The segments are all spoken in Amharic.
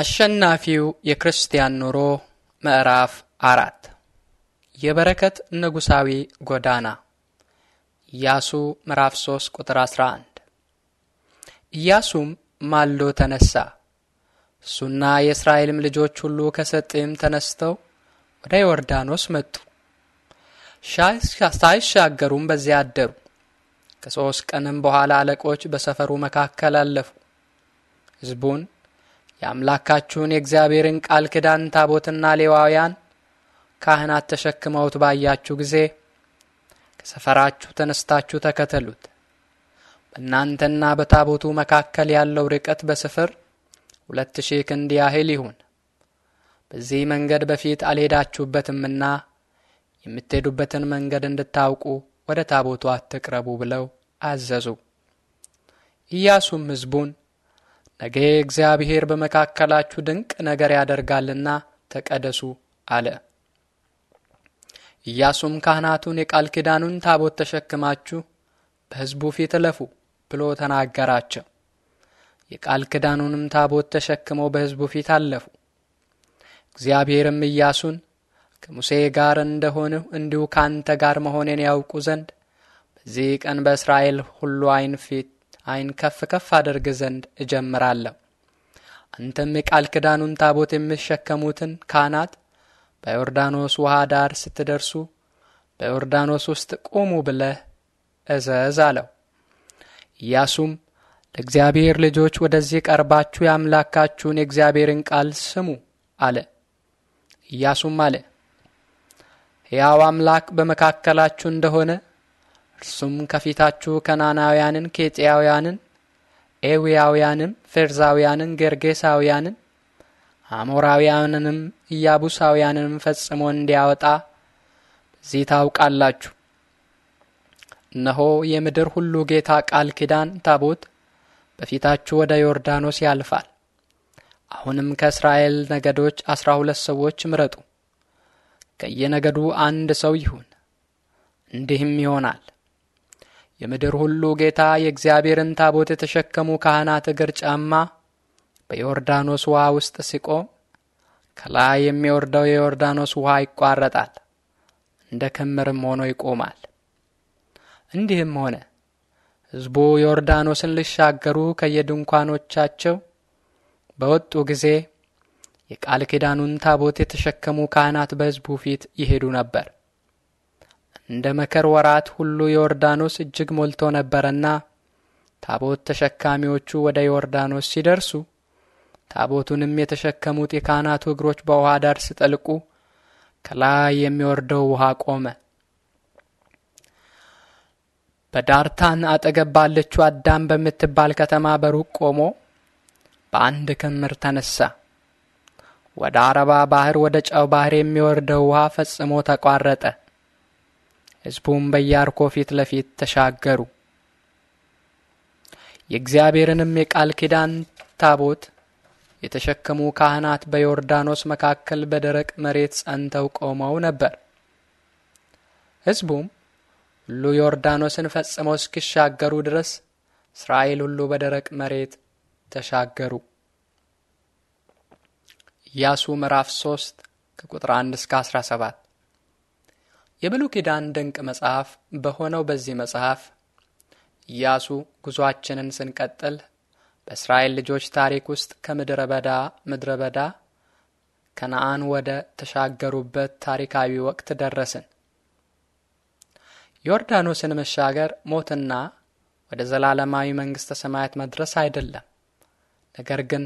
አሸናፊው የክርስቲያን ኑሮ ምዕራፍ አራት የበረከት ንጉሳዊ ጎዳና ኢያሱ ምዕራፍ 3 ቁጥር 11 ኢያሱም ማልዶ ተነሳ፣ እሱና የእስራኤልም ልጆች ሁሉ ከሰጢም ተነስተው ወደ ዮርዳኖስ መጡ። ሳይሻገሩም በዚያ አደሩ። ከሦስት ቀንም በኋላ አለቆች በሰፈሩ መካከል አለፉ። ሕዝቡን የአምላካችሁን የእግዚአብሔርን ቃል ክዳን ታቦትና ሌዋውያን ካህናት ተሸክመውት ባያችሁ ጊዜ ከሰፈራችሁ ተነስታችሁ ተከተሉት። በእናንተና በታቦቱ መካከል ያለው ርቀት በስፍር ሁለት ሺህ ክንድ ያህል ይሁን። በዚህ መንገድ በፊት አልሄዳችሁበትምና የምትሄዱበትን መንገድ እንድታውቁ ወደ ታቦቱ አትቅረቡ ብለው አዘዙ። ኢያሱም ሕዝቡን ነገ እግዚአብሔር በመካከላችሁ ድንቅ ነገር ያደርጋልና ተቀደሱ አለ። ኢያሱም ካህናቱን የቃል ኪዳኑን ታቦት ተሸክማችሁ በሕዝቡ ፊት እለፉ ብሎ ተናገራቸው። የቃል ኪዳኑንም ታቦት ተሸክመው በሕዝቡ ፊት አለፉ። እግዚአብሔርም ኢያሱን ከሙሴ ጋር እንደሆንሁ እንዲሁ ካንተ ጋር መሆኔን ያውቁ ዘንድ በዚህ ቀን በእስራኤል ሁሉ ዓይን ፊት አይን ከፍ ከፍ አደርገ ዘንድ እጀምራለሁ። አንተም የቃል ክዳኑን ታቦት የሚሸከሙትን ካህናት በዮርዳኖስ ውሃ ዳር ስትደርሱ በዮርዳኖስ ውስጥ ቁሙ ብለህ እዘዝ አለው። ኢያሱም ለእግዚአብሔር ልጆች ወደዚህ ቀርባችሁ የአምላካችሁን የእግዚአብሔርን ቃል ስሙ አለ። ኢያሱም አለ ሕያው አምላክ በመካከላችሁ እንደሆነ እርሱም ከፊታችሁ ከናናውያንን፣ ኬጢያውያንን፣ ኤዊያውያንም፣ ፌርዛውያንን፣ ጌርጌሳውያንን፣ አሞራውያንንም ኢያቡሳውያንንም ፈጽሞ እንዲያወጣ በዚህ ታውቃላችሁ። እነሆ የምድር ሁሉ ጌታ ቃል ኪዳን ታቦት በፊታችሁ ወደ ዮርዳኖስ ያልፋል። አሁንም ከእስራኤል ነገዶች አስራ ሁለት ሰዎች ምረጡ፣ ከየነገዱ አንድ ሰው ይሁን። እንዲህም ይሆናል የምድር ሁሉ ጌታ የእግዚአብሔርን ታቦት የተሸከሙ ካህናት እግር ጫማ በዮርዳኖስ ውሃ ውስጥ ሲቆም ከላይ የሚወርደው የዮርዳኖስ ውሃ ይቋረጣል፣ እንደ ክምርም ሆኖ ይቆማል። እንዲህም ሆነ። ሕዝቡ ዮርዳኖስን ሊሻገሩ ከየድንኳኖቻቸው በወጡ ጊዜ የቃል ኪዳኑን ታቦት የተሸከሙ ካህናት በሕዝቡ ፊት ይሄዱ ነበር። እንደ መከር ወራት ሁሉ ዮርዳኖስ እጅግ ሞልቶ ነበረና ታቦት ተሸካሚዎቹ ወደ ዮርዳኖስ ሲደርሱ ታቦቱንም የተሸከሙት የካህናቱ እግሮች በውሃ ዳር ሲጠልቁ ከላይ የሚወርደው ውሃ ቆመ። በዳርታን አጠገብ ባለችው አዳም በምትባል ከተማ በሩቅ ቆሞ በአንድ ክምር ተነሳ። ወደ አረባ ባህር ወደ ጨው ባህር የሚወርደው ውሃ ፈጽሞ ተቋረጠ። ሕዝቡም በያርኮ ፊት ለፊት ተሻገሩ። የእግዚአብሔርንም የቃል ኪዳን ታቦት የተሸከሙ ካህናት በዮርዳኖስ መካከል በደረቅ መሬት ጸንተው ቆመው ነበር። ሕዝቡም ሁሉ ዮርዳኖስን ፈጽመው እስኪሻገሩ ድረስ እስራኤል ሁሉ በደረቅ መሬት ተሻገሩ። ኢያሱ ምዕራፍ 3 ከቁጥር 1 እስከ 17 የብሉይ ኪዳን ድንቅ መጽሐፍ በሆነው በዚህ መጽሐፍ ኢያሱ ጉዞአችንን ስንቀጥል በእስራኤል ልጆች ታሪክ ውስጥ ከምድረ በዳ ምድረ በዳ ከነአን ወደ ተሻገሩበት ታሪካዊ ወቅት ደረስን። ዮርዳኖስን መሻገር ሞትና ወደ ዘላለማዊ መንግሥተ ሰማያት መድረስ አይደለም፣ ነገር ግን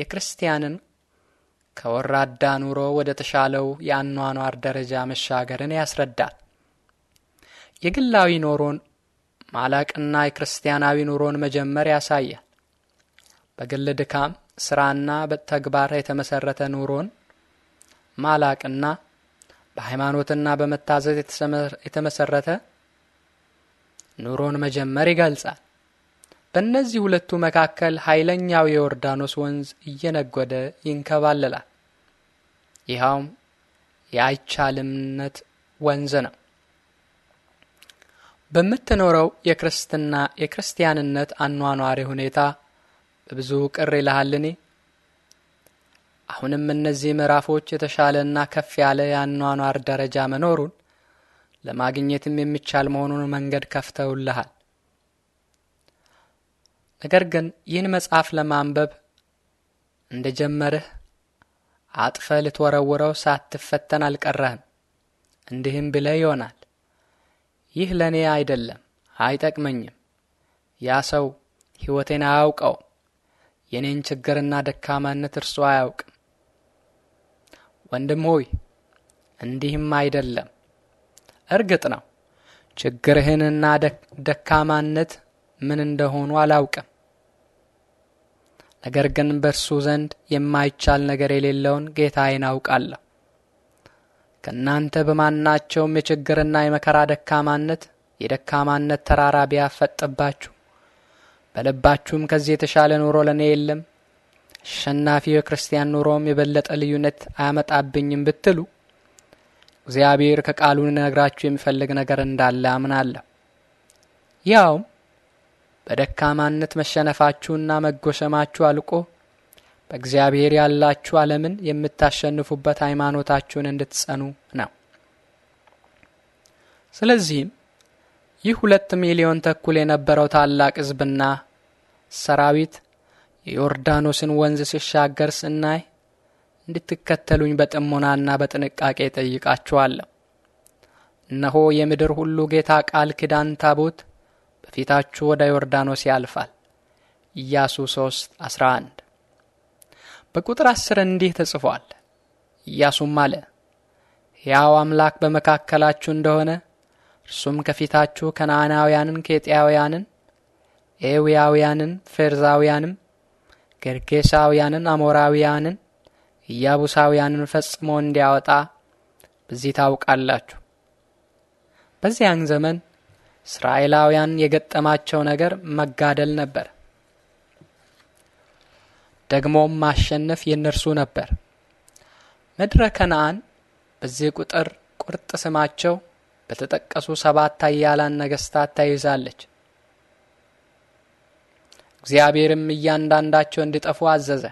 የክርስቲያንን ከወራዳ ኑሮ ወደ ተሻለው የአኗኗር ደረጃ መሻገርን ያስረዳል። የግላዊ ኑሮን ማላቅና የክርስቲያናዊ ኑሮን መጀመር ያሳያል። በግል ድካም ስራና በተግባር የተመሰረተ ኑሮን ማላቅና በሃይማኖትና በመታዘዝ የተመሰረተ ኑሮን መጀመር ይገልጻል። በእነዚህ ሁለቱ መካከል ኃይለኛው የዮርዳኖስ ወንዝ እየነጎደ ይንከባለላል። ይኸውም የአይቻልምነት ወንዝ ነው። በምትኖረው የክርስትና የክርስቲያንነት አኗኗሪ ሁኔታ በብዙ ቅር ይልሃልኔ። አሁንም እነዚህ ምዕራፎች የተሻለና ከፍ ያለ የአኗኗር ደረጃ መኖሩን ለማግኘትም የሚቻል መሆኑን መንገድ ከፍተውልሃል። ነገር ግን ይህን መጽሐፍ ለማንበብ እንደ ጀመርህ አጥፈ ልትወረውረው ሳትፈተን አልቀረህም። እንዲህም ብለህ ይሆናል ይህ ለእኔ አይደለም፣ አይጠቅመኝም። ያ ሰው ሕይወቴን አያውቀው፣ የኔን ችግርና ደካማነት እርሱ አያውቅም። ወንድም ሆይ እንዲህም አይደለም። እርግጥ ነው ችግርህንና ደካማነት ምን እንደሆኑ አላውቅም። ነገር ግን በእርሱ ዘንድ የማይቻል ነገር የሌለውን ጌታዬን አውቃለሁ። ከእናንተ በማናቸውም የችግርና የመከራ ደካማነት የደካማነት ተራራ ቢያፈጥባችሁ በልባችሁም ከዚህ የተሻለ ኑሮ ለእኔ የለም፣ አሸናፊ የክርስቲያን ኑሮም የበለጠ ልዩነት አያመጣብኝም ብትሉ እግዚአብሔር ከቃሉ ልነግራችሁ የሚፈልግ ነገር እንዳለ አምናለሁ። ያውም በደካማነት መሸነፋችሁና መጎሸማችሁ አልቆ በእግዚአብሔር ያላችሁ ዓለምን የምታሸንፉበት ሃይማኖታችሁን እንድትጸኑ ነው። ስለዚህም ይህ ሁለት ሚሊዮን ተኩል የነበረው ታላቅ ሕዝብና ሰራዊት የዮርዳኖስን ወንዝ ሲሻገር ስናይ እንድትከተሉኝ በጥሞናና በጥንቃቄ ጠይቃችኋለሁ። እነሆ የምድር ሁሉ ጌታ ቃል ኪዳን ታቦት በፊታችሁ ወደ ዮርዳኖስ ያልፋል። ኢያሱ 3 11 በቁጥር 10 እንዲህ ተጽፏል። ኢያሱም አለ ሕያው አምላክ በመካከላችሁ እንደሆነ እርሱም ከፊታችሁ ከነአናውያንን፣ ኬጢያውያንን፣ ኤውያውያንን፣ ፌርዛውያንም፣ ጌርጌሳውያንን፣ አሞራውያንን፣ ኢያቡሳውያንን ፈጽሞ እንዲያወጣ በዚህ ታውቃላችሁ። በዚያን ዘመን እስራኤላውያን የገጠማቸው ነገር መጋደል ነበር። ደግሞም ማሸነፍ የእነርሱ ነበር። ምድረ ከነአን በዚህ ቁጥር ቁርጥ ስማቸው በተጠቀሱ ሰባት አያላን ነገስታት ተይዛለች። እግዚአብሔርም እያንዳንዳቸው እንዲጠፉ አዘዘ።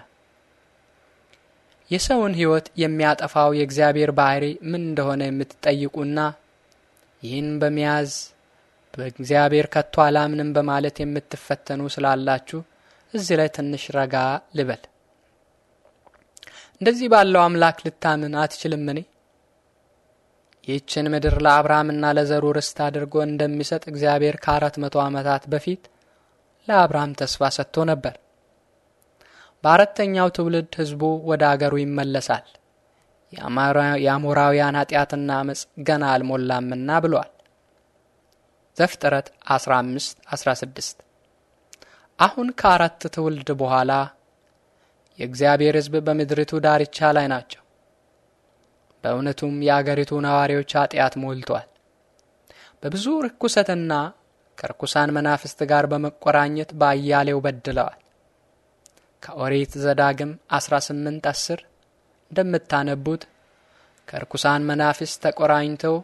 የሰውን ሕይወት የሚያጠፋው የእግዚአብሔር ባህሪ ምን እንደሆነ የምትጠይቁና ይህን በመያዝ በእግዚአብሔር ከቶ አላምንም በማለት የምትፈተኑ ስላላችሁ እዚህ ላይ ትንሽ ረጋ ልበል። እንደዚህ ባለው አምላክ ልታምን አትችልምን? ይህችን ምድር ለአብርሃምና ለዘሩ ርስት አድርጎ እንደሚሰጥ እግዚአብሔር ከአራት መቶ ዓመታት በፊት ለአብርሃም ተስፋ ሰጥቶ ነበር። በአራተኛው ትውልድ ሕዝቡ ወደ አገሩ ይመለሳል፣ የአሞራውያን ኃጢአትና አመፅ ገና አልሞላምና ብሏል። ዘፍጥረት 15 16 አሁን ከአራት ትውልድ በኋላ የእግዚአብሔር ሕዝብ በምድሪቱ ዳርቻ ላይ ናቸው። በእውነቱም የአገሪቱ ነዋሪዎች ኃጢአት ሞልቷል። በብዙ ርኩሰትና ከርኩሳን መናፍስት ጋር በመቆራኘት በአያሌው በድለዋል። ከኦሪት ዘዳግም 18 10 እንደምታነቡት ከርኩሳን መናፍስት ተቆራኝተው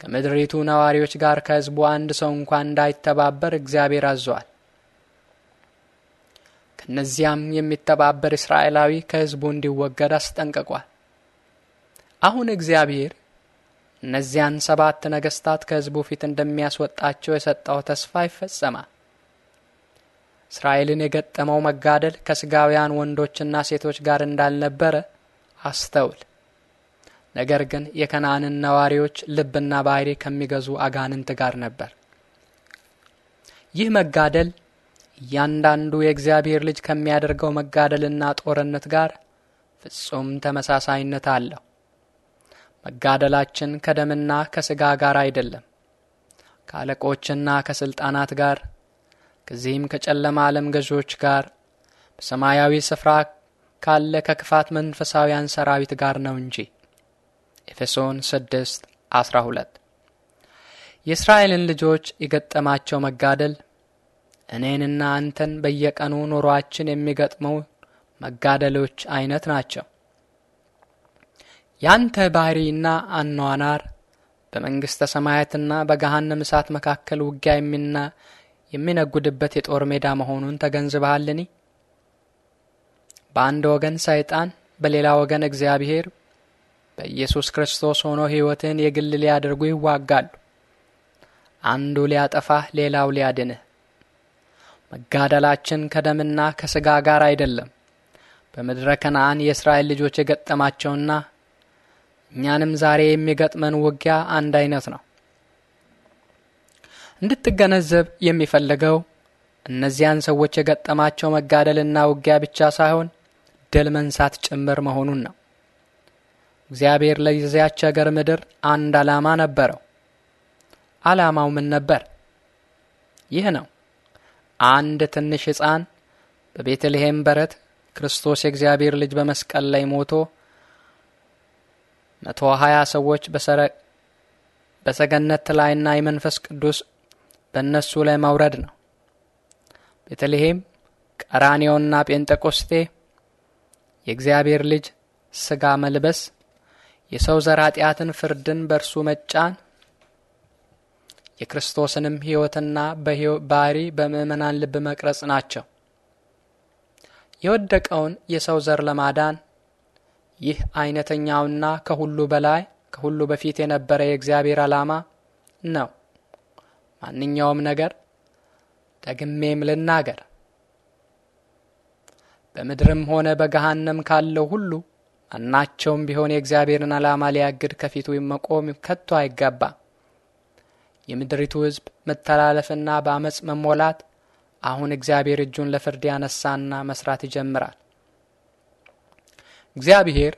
ከምድሪቱ ነዋሪዎች ጋር ከሕዝቡ አንድ ሰው እንኳን እንዳይተባበር እግዚአብሔር አዟል። ከእነዚያም የሚተባበር እስራኤላዊ ከሕዝቡ እንዲወገድ አስጠንቅቋል። አሁን እግዚአብሔር እነዚያን ሰባት ነገስታት ከሕዝቡ ፊት እንደሚያስወጣቸው የሰጠው ተስፋ ይፈጸማል። እስራኤልን የገጠመው መጋደል ከስጋውያን ወንዶችና ሴቶች ጋር እንዳልነበረ አስተውል። ነገር ግን የከነአንን ነዋሪዎች ልብና ባህሪ ከሚገዙ አጋንንት ጋር ነበር። ይህ መጋደል እያንዳንዱ የእግዚአብሔር ልጅ ከሚያደርገው መጋደልና ጦርነት ጋር ፍጹም ተመሳሳይነት አለው። መጋደላችን ከደምና ከስጋ ጋር አይደለም፣ ከአለቆችና ከስልጣናት ጋር፣ ከዚህም ከጨለማ ዓለም ገዢዎች ጋር፣ በሰማያዊ ስፍራ ካለ ከክፋት መንፈሳውያን ሰራዊት ጋር ነው እንጂ ኤፌሶን 6 12 የእስራኤልን ልጆች የገጠማቸው መጋደል እኔንና አንተን በየቀኑ ኑሯችን የሚገጥመው መጋደሎች አይነት ናቸው። ያንተ ባህሪና አኗኗር በመንግሥተ ሰማያትና በገሃነም እሳት መካከል ውጊያ የሚና የሚነጉድበት የጦር ሜዳ መሆኑን ተገንዝበሃልኒ? በአንድ ወገን ሰይጣን፣ በሌላ ወገን እግዚአብሔር በኢየሱስ ክርስቶስ ሆኖ ሕይወትን የግል ሊያደርጉ ይዋጋሉ። አንዱ ሊያጠፋህ፣ ሌላው ሊያድንህ። መጋደላችን ከደምና ከሥጋ ጋር አይደለም። በምድረ ከነአን የእስራኤል ልጆች የገጠማቸውና እኛንም ዛሬ የሚገጥመን ውጊያ አንድ አይነት ነው። እንድትገነዘብ የሚፈልገው እነዚያን ሰዎች የገጠማቸው መጋደልና ውጊያ ብቻ ሳይሆን ድል መንሳት ጭምር መሆኑን ነው። እግዚአብሔር ለዚያች ሀገር ምድር አንድ ዓላማ ነበረው። ዓላማው ምን ነበር? ይህ ነው። አንድ ትንሽ ሕፃን በቤተልሔም በረት ክርስቶስ የእግዚአብሔር ልጅ በመስቀል ላይ ሞቶ መቶ ሀያ ሰዎች በሰገነት ላይና የመንፈስ ቅዱስ በእነሱ ላይ መውረድ ነው። ቤተልሔም፣ ቀራኔዮና ጴንጠቆስቴ የእግዚአብሔር ልጅ ስጋ መልበስ የሰው ዘር ኃጢአትን ፍርድን በእርሱ መጫን የክርስቶስንም ሕይወትና ባህሪ በምእመናን ልብ መቅረጽ ናቸው። የወደቀውን የሰው ዘር ለማዳን ይህ አይነተኛውና ከሁሉ በላይ ከሁሉ በፊት የነበረ የእግዚአብሔር ዓላማ ነው። ማንኛውም ነገር ደግሜም ልናገር፣ በምድርም ሆነ በገሃነም ካለው ሁሉ አናቸውም ቢሆን የእግዚአብሔርን ዓላማ ሊያግድ ከፊቱ መቆም ከቶ አይጋባ። የምድሪቱ ሕዝብ መተላለፍና በአመፅ መሞላት አሁን እግዚአብሔር እጁን ለፍርድ ያነሳና መስራት ይጀምራል። እግዚአብሔር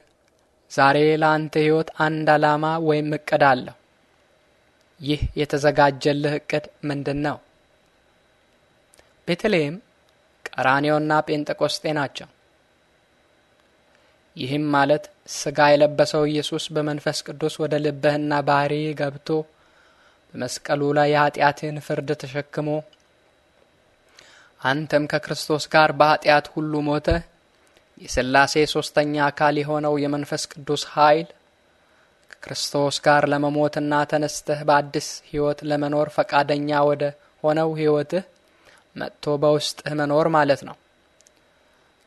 ዛሬ ለአንተ ሕይወት አንድ ዓላማ ወይም እቅድ አለው። ይህ የተዘጋጀልህ እቅድ ምንድን ነው? ቤተልሔም፣ ቀራኔዮና ጴንጠቆስጤ ናቸው። ይህም ማለት ስጋ የለበሰው ኢየሱስ በመንፈስ ቅዱስ ወደ ልብህና ባህሪ ገብቶ በመስቀሉ ላይ የኃጢአትህን ፍርድ ተሸክሞ አንተም ከክርስቶስ ጋር በኃጢአት ሁሉ ሞተ። የሥላሴ ሦስተኛ አካል የሆነው የመንፈስ ቅዱስ ኃይል ከክርስቶስ ጋር ለመሞትና ተነስተህ በአዲስ ሕይወት ለመኖር ፈቃደኛ ወደ ሆነው ሕይወትህ መጥቶ በውስጥህ መኖር ማለት ነው።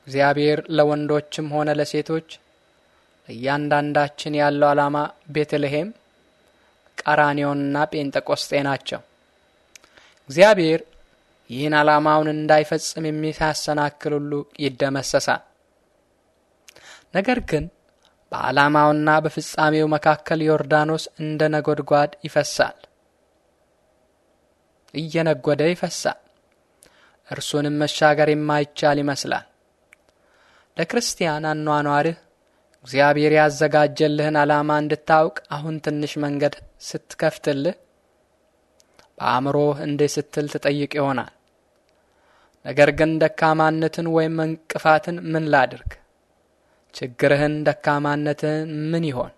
እግዚአብሔር ለወንዶችም ሆነ ለሴቶች ለእያንዳንዳችን ያለው ዓላማ ቤተልሔም፣ ቀራኒዮንና ጴንጠቆስጤ ናቸው። እግዚአብሔር ይህን ዓላማውን እንዳይፈጽም የሚያሰናክል ሁሉ ይደመሰሳል። ነገር ግን በዓላማውና በፍጻሜው መካከል ዮርዳኖስ እንደ ነጎድጓድ ይፈሳል፣ እየነጎደ ይፈሳል። እርሱንም መሻገር የማይቻል ይመስላል። ለክርስቲያን አኗኗርህ እግዚአብሔር ያዘጋጀልህን ዓላማ እንድታውቅ አሁን ትንሽ መንገድ ስትከፍትልህ በአእምሮህ እንዴ ስትል ትጠይቅ ይሆናል። ነገር ግን ደካማነትን ወይም እንቅፋትን ምን ላድርግ? ችግርህን ደካማነትን ምን ይሆን?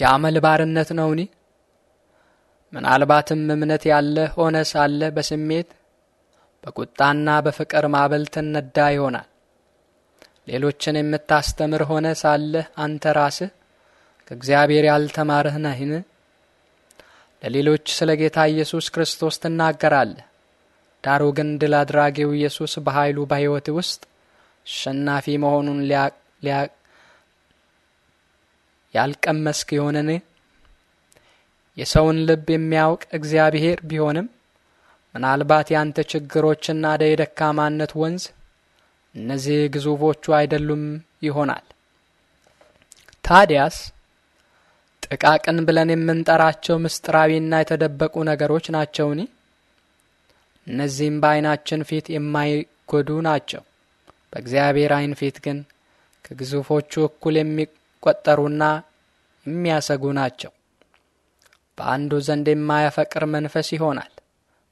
የአመል ባርነት ነውኒ? ምናልባትም እምነት ያለ ሆነ ሳለ በስሜት በቁጣና በፍቅር ማዕበል ትነዳ ይሆናል። ሌሎችን የምታስተምር ሆነ ሳለህ አንተ ራስህ ከእግዚአብሔር ያልተማርህ ነህን? ለሌሎች ስለ ጌታ ኢየሱስ ክርስቶስ ትናገራለህ። ዳሩ ግን ድል አድራጊው ኢየሱስ በኃይሉ በሕይወት ውስጥ አሸናፊ መሆኑን ያልቀመስክ የሆነን የሰውን ልብ የሚያውቅ እግዚአብሔር ቢሆንም ምናልባት ያንተ ችግሮችና የደካማነት ወንዝ እነዚህ ግዙፎቹ አይደሉም ይሆናል። ታዲያስ ጥቃቅን ብለን የምንጠራቸው ምስጢራዊና የተደበቁ ነገሮች ናቸውኒ እነዚህም በዓይናችን ፊት የማይጎዱ ናቸው። በእግዚአብሔር ዓይን ፊት ግን ከግዙፎቹ እኩል የሚቆጠሩና የሚያሰጉ ናቸው። በአንዱ ዘንድ የማያፈቅር መንፈስ ይሆናል፣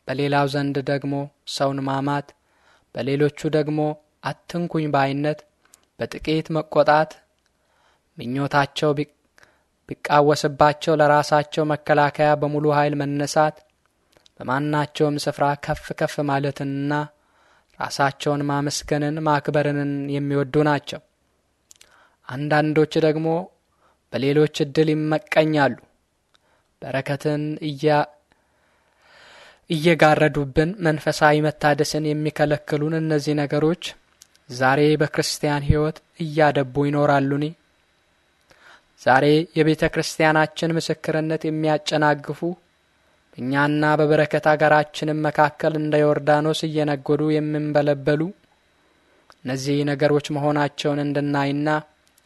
በሌላው ዘንድ ደግሞ ሰውን ማማት፣ በሌሎቹ ደግሞ አትንኩኝ ባይነት፣ በጥቂት መቆጣት ምኞታቸው ቢቃወስባቸው ለራሳቸው መከላከያ በሙሉ ኃይል መነሳት፣ በማናቸውም ስፍራ ከፍ ከፍ ማለትንና ራሳቸውን ማመስገንን ማክበርንን የሚወዱ ናቸው። አንዳንዶች ደግሞ በሌሎች እድል ይመቀኛሉ። በረከትን እየጋረዱብን መንፈሳዊ መታደስን የሚከለክሉን እነዚህ ነገሮች ዛሬ በክርስቲያን ሕይወት እያደቡ ይኖራሉኒ? ዛሬ የቤተ ክርስቲያናችን ምስክርነት የሚያጨናግፉ በእኛና በበረከት አገራችንም መካከል እንደ ዮርዳኖስ እየነጎዱ የምንበለበሉ እነዚህ ነገሮች መሆናቸውን እንድናይና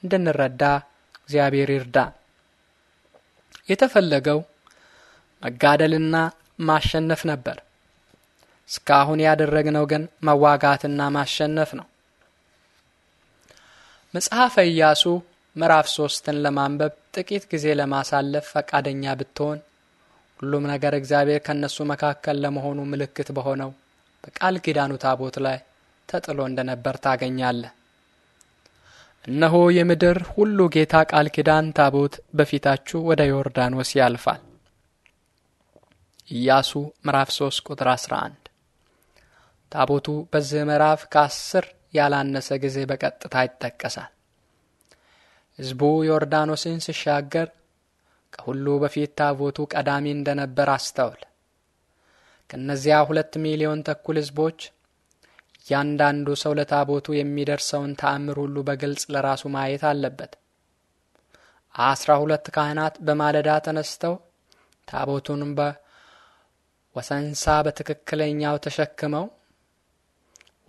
እንድንረዳ እግዚአብሔር ይርዳ። የተፈለገው መጋደልና ማሸነፍ ነበር። እስካሁን ያደረግነው ግን መዋጋትና ማሸነፍ ነው። መጽሐፈ ኢያሱ ምዕራፍ ሶስትን ለማንበብ ጥቂት ጊዜ ለማሳለፍ ፈቃደኛ ብትሆን ሁሉም ነገር እግዚአብሔር ከእነሱ መካከል ለመሆኑ ምልክት በሆነው በቃል ኪዳኑ ታቦት ላይ ተጥሎ እንደነበር ታገኛለህ። እነሆ የምድር ሁሉ ጌታ ቃል ኪዳን ታቦት በፊታችሁ ወደ ዮርዳኖስ ያልፋል። ኢያሱ ምዕራፍ 3 ቁጥር 11 ታቦቱ በዚህ ምዕራፍ ከአስር ያላነሰ ጊዜ በቀጥታ ይጠቀሳል። ሕዝቡ ዮርዳኖስን ሲሻገር ከሁሉ በፊት ታቦቱ ቀዳሚ እንደነበር አስተውል። ከእነዚያ ሁለት ሚሊዮን ተኩል ሕዝቦች እያንዳንዱ ሰው ለታቦቱ የሚደርሰውን ተአምር ሁሉ በግልጽ ለራሱ ማየት አለበት። አስራ ሁለት ካህናት በማለዳ ተነስተው ታቦቱን በወሰንሳ በትክክለኛው ተሸክመው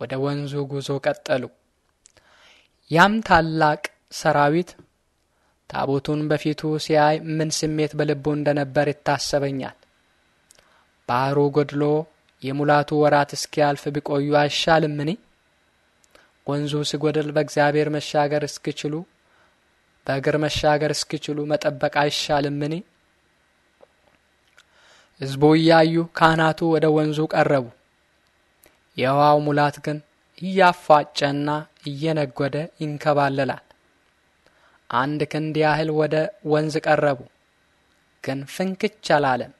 ወደ ወንዙ ጉዞ ቀጠሉ። ያም ታላቅ ሰራዊት ታቦቱን በፊቱ ሲያይ ምን ስሜት በልቡ እንደነበር ይታሰበኛል። ባህሩ ጎድሎ የሙላቱ ወራት እስኪያልፍ ቢቆዩ አይሻልምኒ? ወንዙ ሲጎድል በእግዚአብሔር መሻገር እስክችሉ በእግር መሻገር እስክችሉ መጠበቅ አይሻልምኒ? ሕዝቡ እያዩ ካህናቱ ወደ ወንዙ ቀረቡ። የውሃው ሙላት ግን እያፋጨና እየነጎደ ይንከባለላል። አንድ ክንድ ያህል ወደ ወንዝ ቀረቡ፣ ግን ፍንክች አላለም፣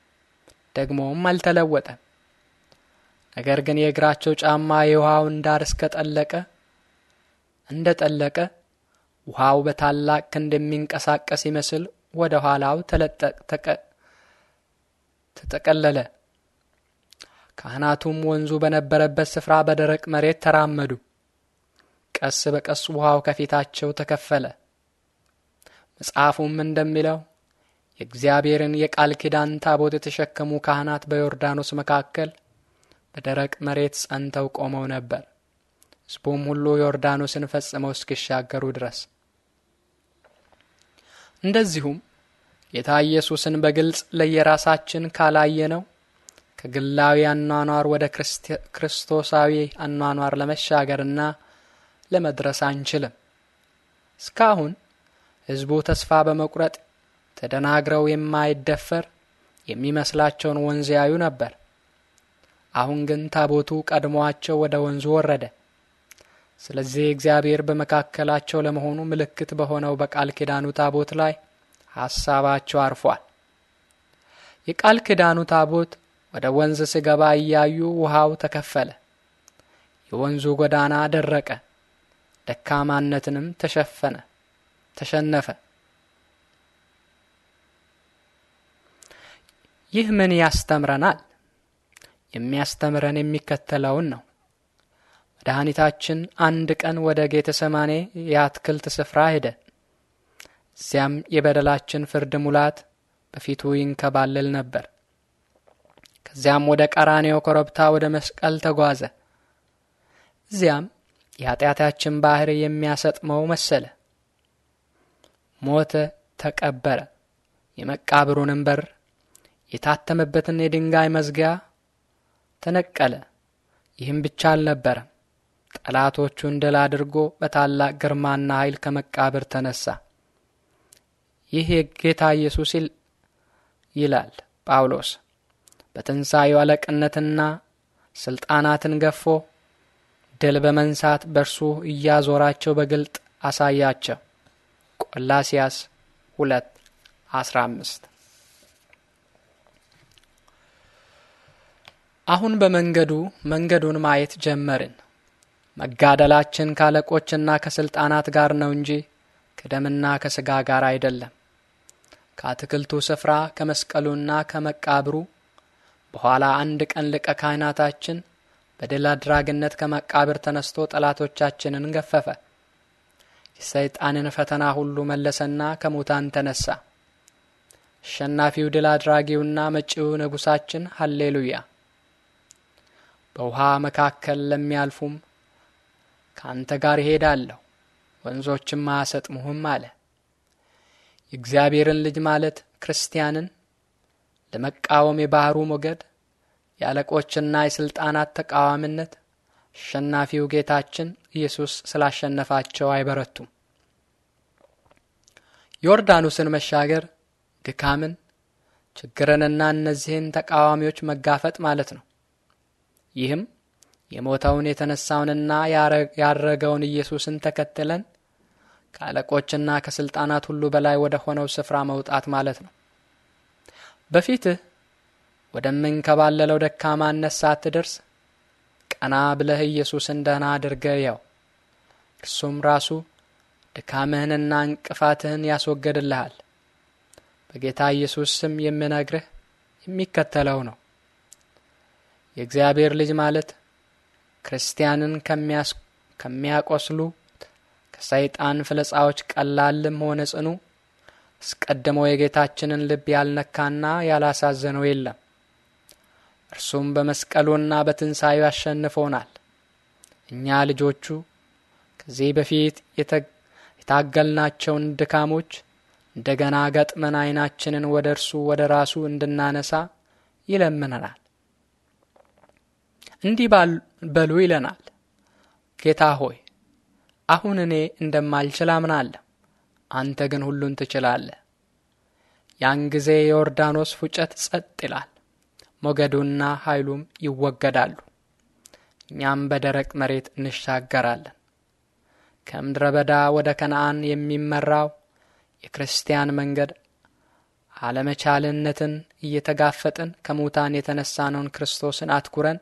ደግሞም አልተለወጠም። ነገር ግን የእግራቸው ጫማ የውሃውን ዳር እስከጠለቀ እንደ ጠለቀ ውሃው በታላቅ ክንድ የሚንቀሳቀስ ይመስል ወደ ኋላው ተጠቀለለ። ካህናቱም ወንዙ በነበረበት ስፍራ በደረቅ መሬት ተራመዱ። ቀስ በቀስ ውሃው ከፊታቸው ተከፈለ። መጽሐፉም እንደሚለው የእግዚአብሔርን የቃል ኪዳን ታቦት የተሸከሙ ካህናት በዮርዳኖስ መካከል በደረቅ መሬት ጸንተው ቆመው ነበር። ሕዝቡም ሁሉ ዮርዳኖስን ፈጽመው እስኪሻገሩ ድረስ። እንደዚሁም ጌታ ኢየሱስን በግልጽ ለየራሳችን ካላየ ነው ከግላዊ አኗኗር ወደ ክርስቶሳዊ አኗኗር ለመሻገርና ለመድረስ አንችልም። እስካሁን ሕዝቡ ተስፋ በመቁረጥ ተደናግረው የማይደፈር የሚመስላቸውን ወንዝ ያዩ ነበር። አሁን ግን ታቦቱ ቀድሟቸው ወደ ወንዙ ወረደ። ስለዚህ እግዚአብሔር በመካከላቸው ለመሆኑ ምልክት በሆነው በቃል ኪዳኑ ታቦት ላይ ሐሳባቸው አርፏል። የቃል ኪዳኑ ታቦት ወደ ወንዝ ስገባ እያዩ ውሃው ተከፈለ፣ የወንዙ ጎዳና ደረቀ፣ ደካማነትንም ተሸፈነ ተሸነፈ። ይህ ምን ያስተምረናል? የሚያስተምረን የሚከተለውን ነው። መድኃኒታችን አንድ ቀን ወደ ጌተሰማኔ የአትክልት ስፍራ ሄደ። እዚያም የበደላችን ፍርድ ሙላት በፊቱ ይንከባልል ነበር። ከዚያም ወደ ቀራኔው ኮረብታ ወደ መስቀል ተጓዘ። እዚያም የኃጢአታችን ባህር የሚያሰጥመው መሰለ። ሞተ፣ ተቀበረ። የመቃብሩንም በር የታተመበትን የድንጋይ መዝጊያ ተነቀለ። ይህም ብቻ አልነበረም። ጠላቶቹ እንደላ አድርጎ በታላቅ ግርማና ኃይል ከመቃብር ተነሳ። ይህ የጌታ ኢየሱስ ይላል ጳውሎስ በትንሣኤው አለቅነትና ሥልጣናትን ገፎ ድል በመንሳት በእርሱ እያዞራቸው በግልጥ አሳያቸው። ቆላሲያስ 2 15 አሁን በመንገዱ መንገዱን ማየት ጀመርን። መጋደላችን ከአለቆችና ከሥልጣናት ጋር ነው እንጂ ከደምና ከሥጋ ጋር አይደለም። ከአትክልቱ ስፍራ ከመስቀሉና ከመቃብሩ በኋላ አንድ ቀን ሊቀ ካህናታችን በድል አድራጊነት ከመቃብር ተነስቶ ጠላቶቻችንን ገፈፈ። የሰይጣንን ፈተና ሁሉ መለሰና ከሙታን ተነሳ። አሸናፊው ድል አድራጊውና መጪው ንጉሳችን ሀሌሉያ። በውሃ መካከል ለሚያልፉም ከአንተ ጋር ይሄዳለሁ፣ ወንዞችም አያሰጥሙህም አለ። የእግዚአብሔርን ልጅ ማለት ክርስቲያንን ለመቃወም የባህሩ ሞገድ፣ የአለቆችና የሥልጣናት ተቃዋሚነት አሸናፊው ጌታችን ኢየሱስ ስላሸነፋቸው አይበረቱም። ዮርዳኖስን መሻገር ድካምን፣ ችግርንና እነዚህን ተቃዋሚዎች መጋፈጥ ማለት ነው። ይህም የሞተውን የተነሳውንና ያረገውን ኢየሱስን ተከትለን ከአለቆችና ከሥልጣናት ሁሉ በላይ ወደ ሆነው ስፍራ መውጣት ማለት ነው። በፊትህ ወደምንከባለለው ደካማነት ሳትደርስ ቀና ብለህ ኢየሱስን ደህና አድርገህ ያው እርሱም ራሱ ድካምህንና እንቅፋትህን ያስወገድልሃል። በጌታ ኢየሱስ ስም የምነግርህ የሚከተለው ነው። የእግዚአብሔር ልጅ ማለት ክርስቲያንን ከሚያቆስሉ ከሰይጣን ፍለጻዎች ቀላልም ሆነ ጽኑ አስቀድመው የጌታችንን ልብ ያልነካና ያላሳዘነው የለም። እርሱም በመስቀሉና በትንሣኤው ያሸንፎናል። እኛ ልጆቹ ከዚህ በፊት የታገልናቸውን ድካሞች እንደገና ገጥመን ዓይናችንን ወደ እርሱ ወደ ራሱ እንድናነሳ ይለምነናል። እንዲህ በሉ ይለናል፣ ጌታ ሆይ አሁን እኔ እንደማልችል አምናለሁ አንተ ግን ሁሉን ትችላለህ። ያን ጊዜ የዮርዳኖስ ፉጨት ጸጥ ይላል፣ ሞገዱና ኃይሉም ይወገዳሉ። እኛም በደረቅ መሬት እንሻገራለን። ከምድረ በዳ ወደ ከነአን የሚመራው የክርስቲያን መንገድ አለመቻልነትን እየተጋፈጥን ከሙታን የተነሳነውን ክርስቶስን አትኩረን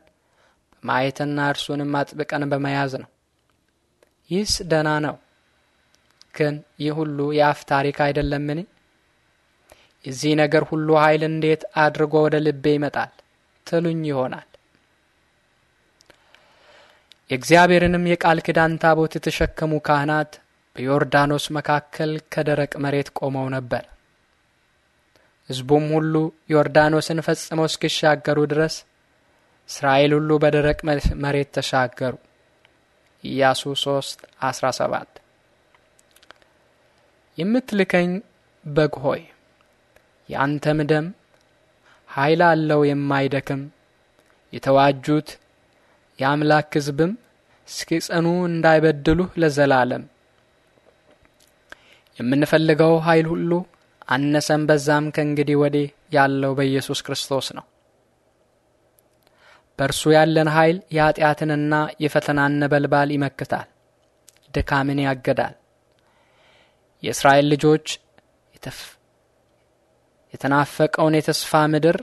በማየትና እርሱንም አጥብቀን በመያዝ ነው። ይህስ ደህና ነው። ግን ይህ ሁሉ የአፍ ታሪክ አይደለምን? የዚህ ነገር ሁሉ ኃይል እንዴት አድርጎ ወደ ልቤ ይመጣል ትሉኝ ይሆናል። የእግዚአብሔርንም የቃል ኪዳን ታቦት የተሸከሙ ካህናት በዮርዳኖስ መካከል ከደረቅ መሬት ቆመው ነበር። ሕዝቡም ሁሉ ዮርዳኖስን ፈጽመው እስኪሻገሩ ድረስ እስራኤል ሁሉ በደረቅ መሬት ተሻገሩ። ኢያሱ 3 17 የምትልከኝ በግ ሆይ የአንተም ደም ኃይል አለው የማይደክም የተዋጁት የአምላክ ሕዝብም እስኪጸኑ እንዳይበድሉህ ለዘላለም የምንፈልገው ኃይል ሁሉ አነሰም በዛም ከእንግዲህ ወዲህ ያለው በኢየሱስ ክርስቶስ ነው። በእርሱ ያለን ኃይል የኃጢአትንና የፈተናን ነበልባል ይመክታል፣ ድካምን ያገዳል። የእስራኤል ልጆች የተናፈቀውን የተስፋ ምድር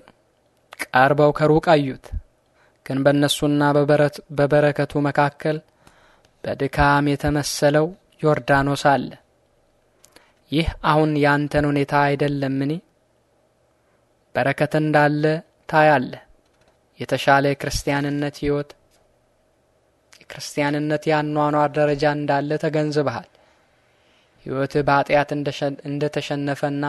ቀርበው ከሩቅ አዩት። ግን በእነሱና በበረከቱ መካከል በድካም የተመሰለው ዮርዳኖስ አለ። ይህ አሁን ያንተን ሁኔታ አይደለምን? በረከት እንዳለ ታያለ። የተሻለ የክርስቲያንነት ሕይወት የክርስቲያንነት ያኗኗር ደረጃ እንዳለ ተገንዝበሃል። ሕይወትህ በኃጢአት እንደተሸነፈና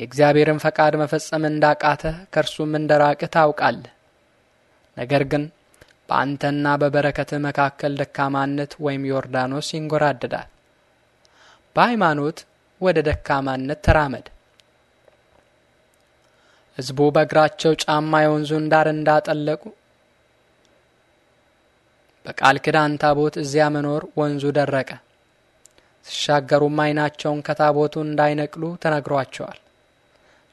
የእግዚአብሔርን ፈቃድ መፈጸም እንዳቃተህ ከእርሱም እንደራቅህ ታውቃለህ። ነገር ግን በአንተና በበረከትህ መካከል ደካማነት ወይም ዮርዳኖስ ይንጎራደዳል። በሃይማኖት ወደ ደካማነት ተራመድ። ሕዝቡ በእግራቸው ጫማ የወንዙን ዳር እንዳጠለቁ በቃል ክዳን ታቦት እዚያ መኖር ወንዙ ደረቀ። ሲሻገሩም ዓይናቸውን ከታቦቱ እንዳይነቅሉ ተነግሯቸዋል።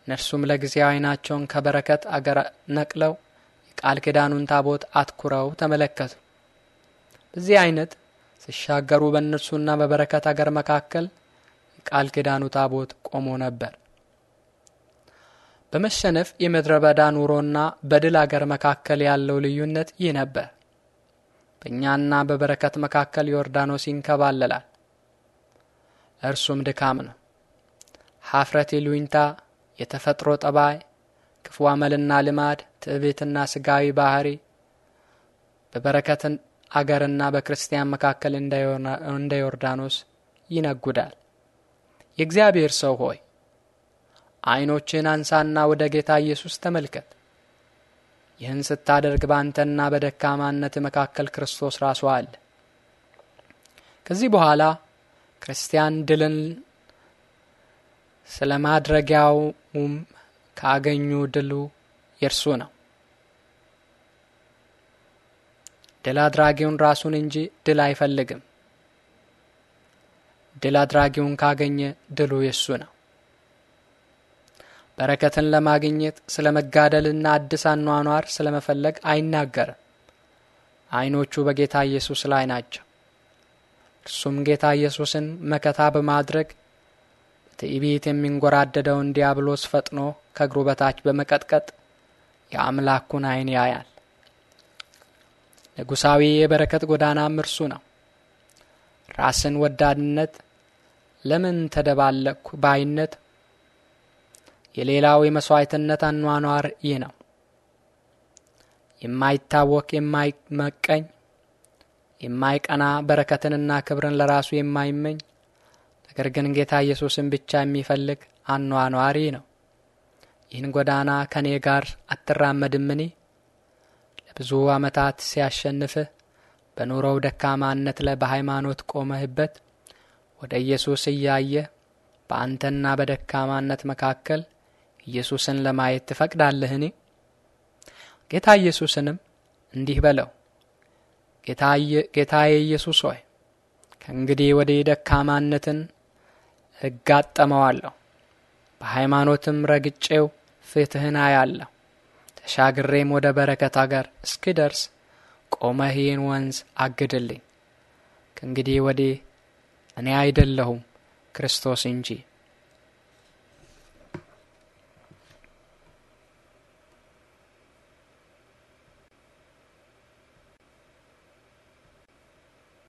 እነርሱም ለጊዜው ዓይናቸውን ከበረከት አገር ነቅለው የቃል ኪዳኑን ታቦት አትኩረው ተመለከቱ። በዚህ አይነት ሲሻገሩ በእነርሱና በበረከት አገር መካከል የቃል ኪዳኑ ታቦት ቆሞ ነበር። በመሸነፍ የምድረ በዳ ኑሮና በድል አገር መካከል ያለው ልዩነት ይህ ነበር። በእኛና በበረከት መካከል ዮርዳኖስ ይንከባለላል። እርሱም ድካም ነው። ሀፍረት ይሉኝታ፣ የተፈጥሮ ጠባይ፣ ክፉ አመልና ልማድ፣ ትዕቢትና ስጋዊ ባህሪ በበረከትን አገርና በክርስቲያን መካከል እንደ ዮርዳኖስ ይነጉዳል። የእግዚአብሔር ሰው ሆይ ዓይኖችን አንሳና ወደ ጌታ ኢየሱስ ተመልከት። ይህን ስታደርግ በአንተና በደካማነት መካከል ክርስቶስ ራሱ አለ። ከዚህ በኋላ ክርስቲያን ድልን ስለ ማድረጊያውም ካገኙ ድሉ የእርሱ ነው። ድል አድራጊውን ራሱን እንጂ ድል አይፈልግም። ድል አድራጊውን ካገኘ ድሉ የእሱ ነው። በረከትን ለማግኘት ስለ መጋደልና አዲስ አኗኗር ስለ መፈለግ አይናገርም። አይኖቹ በጌታ ኢየሱስ ላይ ናቸው። እርሱም ጌታ ኢየሱስን መከታ በማድረግ ትዕቢት የሚንጎራደደውን ዲያብሎስ ፈጥኖ ከእግሩ በታች በመቀጥቀጥ የአምላኩን ዓይን ያያል። ንጉሣዊ የበረከት ጎዳናም እርሱ ነው። ራስን ወዳድነት፣ ለምን ተደባለቅኩ ባይነት፣ የሌላው የመሥዋዕትነት አኗኗር ይህ ነው። የማይታወቅ የማይመቀኝ የማይቀና በረከትንና ክብርን ለራሱ የማይመኝ ነገር ግን ጌታ ኢየሱስን ብቻ የሚፈልግ አኗኗሪ ነው። ይህን ጎዳና ከእኔ ጋር አትራመድምኒ? ለብዙ ዓመታት ሲያሸንፍህ በኑሮው ደካማነት ላይ በሃይማኖት ቆመህበት ወደ ኢየሱስ እያየ በአንተና በደካማነት መካከል ኢየሱስን ለማየት ትፈቅዳለህኒ? ጌታ ኢየሱስንም እንዲህ በለው ጌታዬ ኢየሱስ ሆይ ከእንግዲህ ወዲህ ደካማነትን እጋጠመዋለሁ፣ በሃይማኖትም ረግጬው ፍትህን አያለሁ። ተሻግሬም ወደ በረከት አገር እስኪደርስ ቆመህ ይህን ወንዝ አግድልኝ። ከእንግዲህ ወዲህ እኔ አይደለሁም ክርስቶስ እንጂ